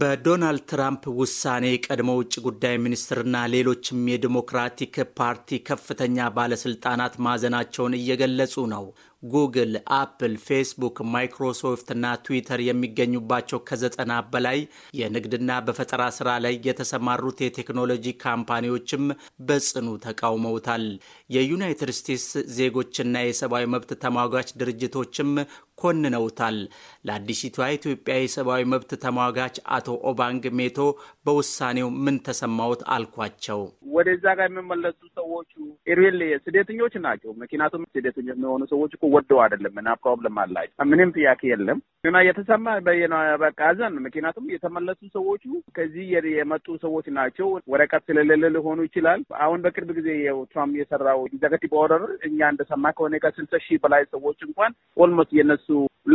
በዶናልድ ትራምፕ ውሳኔ ቀድሞ ውጭ ጉዳይ ሚኒስትርና ሌሎችም የዲሞክራቲክ ፓርቲ ከፍተኛ ባለስልጣናት ማዘናቸውን እየገለጹ ነው። ጉግል፣ አፕል፣ ፌስቡክ፣ ማይክሮሶፍት እና ትዊተር የሚገኙባቸው ከዘጠና በላይ የንግድና በፈጠራ ስራ ላይ የተሰማሩት የቴክኖሎጂ ካምፓኒዎችም በጽኑ ተቃውመውታል። የዩናይትድ ስቴትስ ዜጎችና የሰብአዊ መብት ተሟጋች ድርጅቶችም ኮንነውታል። ለአዲሲቷ ኢትዮጵያ የሰብአዊ መብት ተሟጋች አቶ ኦባንግ ሜቶ በውሳኔው ምን ተሰማዎት አልኳቸው። ወደዛ ጋር የሚመለሱ ሰዎቹ ሪል ስደተኞች ናቸው። ምክንያቱም ስደተኞች የሚሆኑ ሰዎች እኮ ወደው አይደለም እና ፕሮብለም አላቸው። ምንም ጥያቄ የለም እና የተሰማ በቃ ሀዘን። ምክንያቱም የተመለሱ ሰዎቹ ከዚህ የመጡ ሰዎች ናቸው። ወረቀት ስለሌለ ሊሆኑ ይችላል። አሁን በቅርብ ጊዜ ትራምፕ የሰራው ኤግዘክቲቭ ኦርደር እኛ እንደሰማ ከሆነ ከስልሳ ሺህ በላይ ሰዎች እንኳን ኦልሞስት የነሱ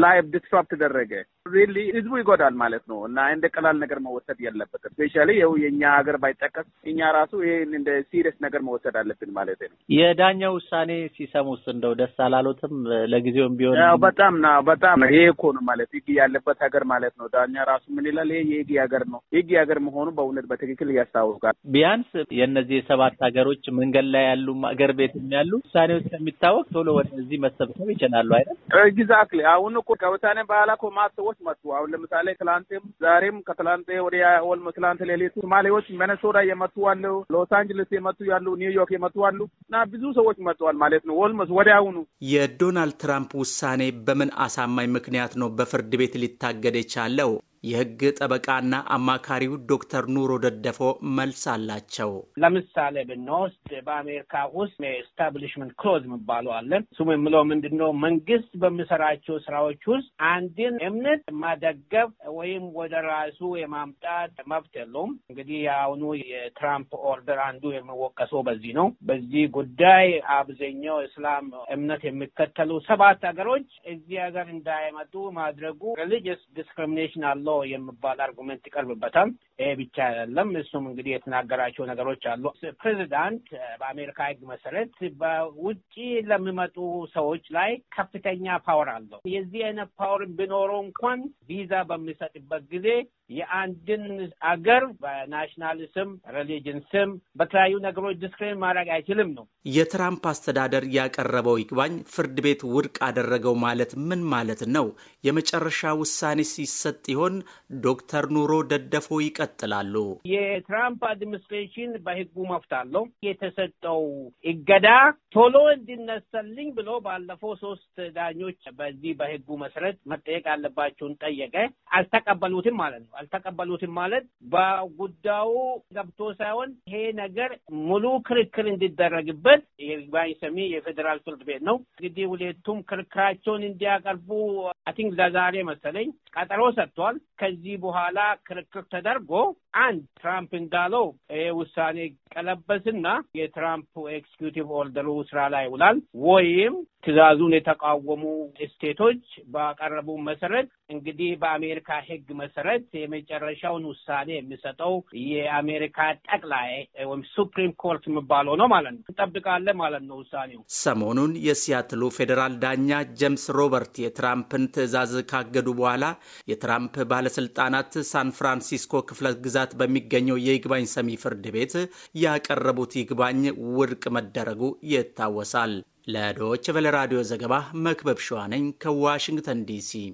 ላይፍ ዲስራፕት ተደረገ። ሪሊ ህዝቡ ይጎዳል ማለት ነው እና እንደ ቀላል ነገር መወሰድ የለበትም። ስፔሻሊ ይኸው የእኛ ሀገር ባይጠቀስ እኛ ራሱ ይህን እንደ ሲሪየስ ነገር መወሰድ አለብን ማለት ነው። የዳኛው ውሳኔ ሲሰሙስ እንደው ደስ አላሉትም? ለጊዜውም ቢሆን በጣም ና በጣም ይሄ እኮ ነው ማለት ህግ ያለበት ሀገር ማለት ነው። ዳኛ ራሱ ምን ይላል? ይሄ የህግ ሀገር ነው። ህግ ሀገር መሆኑ በእውነት በትክክል ያስታውቃል። ቢያንስ የእነዚህ የሰባት ሀገሮች መንገድ ላይ ያሉ ሀገር ቤትም ያሉ ውስጥ የሚታወቅ ቶሎ ወደዚህ መሰብሰብ ይችላሉ አይደል? ግዛት አሁን እኮ ከብታኔ በኋላ እኮ ማት ሰዎች መጡ። አሁን ለምሳሌ ትላንትም ዛሬም ከትላንት ወዲያ ወልሞ ትላንት ሌሊቱ ሶማሌዎች ሚነሶታ የመጡ አሉ፣ ሎስ አንጅለስ የመጡ ያሉ፣ ኒውዮርክ የመጡ አሉ እና ብዙ ሰዎች መጥተዋል ማለት ነው። ወልሞስ ወዲያውኑ የዶናልድ ትራምፕ ውሳኔ በምን አሳማኝ ምክንያት ነው በፍርድ ቤት ሊታገድ የቻለው? የህግ ጠበቃና አማካሪው ዶክተር ኑሮ ደደፎ መልስ አላቸው። ለምሳሌ ብንወስድ በአሜሪካ ውስጥ የኤስታብሊሽመንት ክሎዝ የሚባለው አለን። እሱም የምለው ምንድን ነው? መንግስት በሚሰራቸው ስራዎች ውስጥ አንድን እምነት ማደገፍ ወይም ወደ ራሱ የማምጣት መብት የለውም። እንግዲህ የአሁኑ የትራምፕ ኦርደር አንዱ የሚወቀሰው በዚህ ነው። በዚህ ጉዳይ አብዛኛው እስላም እምነት የሚከተሉ ሰባት ሀገሮች እዚህ ሀገር እንዳይመጡ ማድረጉ ሪሊጅስ ዲስክሪሚኔሽን አለ ሎ የሚባል አርጉመንት ይቀርብበታል። ይሄ ብቻ አይደለም። እሱም እንግዲህ የተናገራቸው ነገሮች አሉ። ፕሬዚዳንት በአሜሪካ ሕግ መሰረት በውጭ ለሚመጡ ሰዎች ላይ ከፍተኛ ፓወር አለው። የዚህ አይነት ፓወር ቢኖረው እንኳን ቪዛ በሚሰጥበት ጊዜ የአንድን አገር በናሽናል ስም፣ ሪሊጅን ስም በተለያዩ ነገሮች ዲስክሪሚኔት ማድረግ አይችልም ነው። የትራምፕ አስተዳደር ያቀረበው ይግባኝ ፍርድ ቤት ውድቅ አደረገው ማለት ምን ማለት ነው? የመጨረሻ ውሳኔ ሲሰጥ ይሆን? ዶክተር ኑሮ ደደፎ ይቀ ይቀጥላሉ። የትራምፕ አድሚኒስትሬሽን በህጉ መፍት አለው የተሰጠው እገዳ ቶሎ እንዲነሰልኝ ብሎ ባለፈው ሶስት ዳኞች በዚህ በህጉ መሰረት መጠየቅ ያለባቸውን ጠየቀ። አልተቀበሉትም ማለት ነው። አልተቀበሉትም ማለት በጉዳዩ ገብቶ ሳይሆን ይሄ ነገር ሙሉ ክርክር እንዲደረግበት ይግባኝ ሰሚ የፌዴራል ፍርድ ቤት ነው። እንግዲህ ሁለቱም ክርክራቸውን እንዲያቀርቡ አይ ቲንክ ለዛሬ መሰለኝ ቀጠሮ ሰጥቷል። ከዚህ በኋላ ክርክር ተደርጎ አንድ ትራምፕ እንዳለው ይሄ ውሳኔ ቀለበስና የትራምፕ ኤክስኪዩቲቭ ኦርደሩ ስራ ላይ ይውላል ወይም ትዕዛዙን የተቃወሙ ስቴቶች ባቀረቡ መሰረት እንግዲህ በአሜሪካ ሕግ መሰረት የመጨረሻውን ውሳኔ የሚሰጠው የአሜሪካ ጠቅላይ ወይም ሱፕሪም ኮርት የሚባለው ነው ማለት ነው። እንጠብቃለን ማለት ነው ውሳኔው። ሰሞኑን የሲያትሉ ፌዴራል ዳኛ ጄምስ ሮበርት የትራምፕን ትዕዛዝ ካገዱ በኋላ የትራምፕ ባለስልጣናት ሳን ፍራንሲስኮ ክፍለ ግዛት በቅጣት በሚገኘው የይግባኝ ሰሚ ፍርድ ቤት ያቀረቡት ይግባኝ ውድቅ መደረጉ ይታወሳል። ለዶይቼ ቬለ ራዲዮ ዘገባ መክበብ ሸዋነኝ ከዋሽንግተን ዲሲ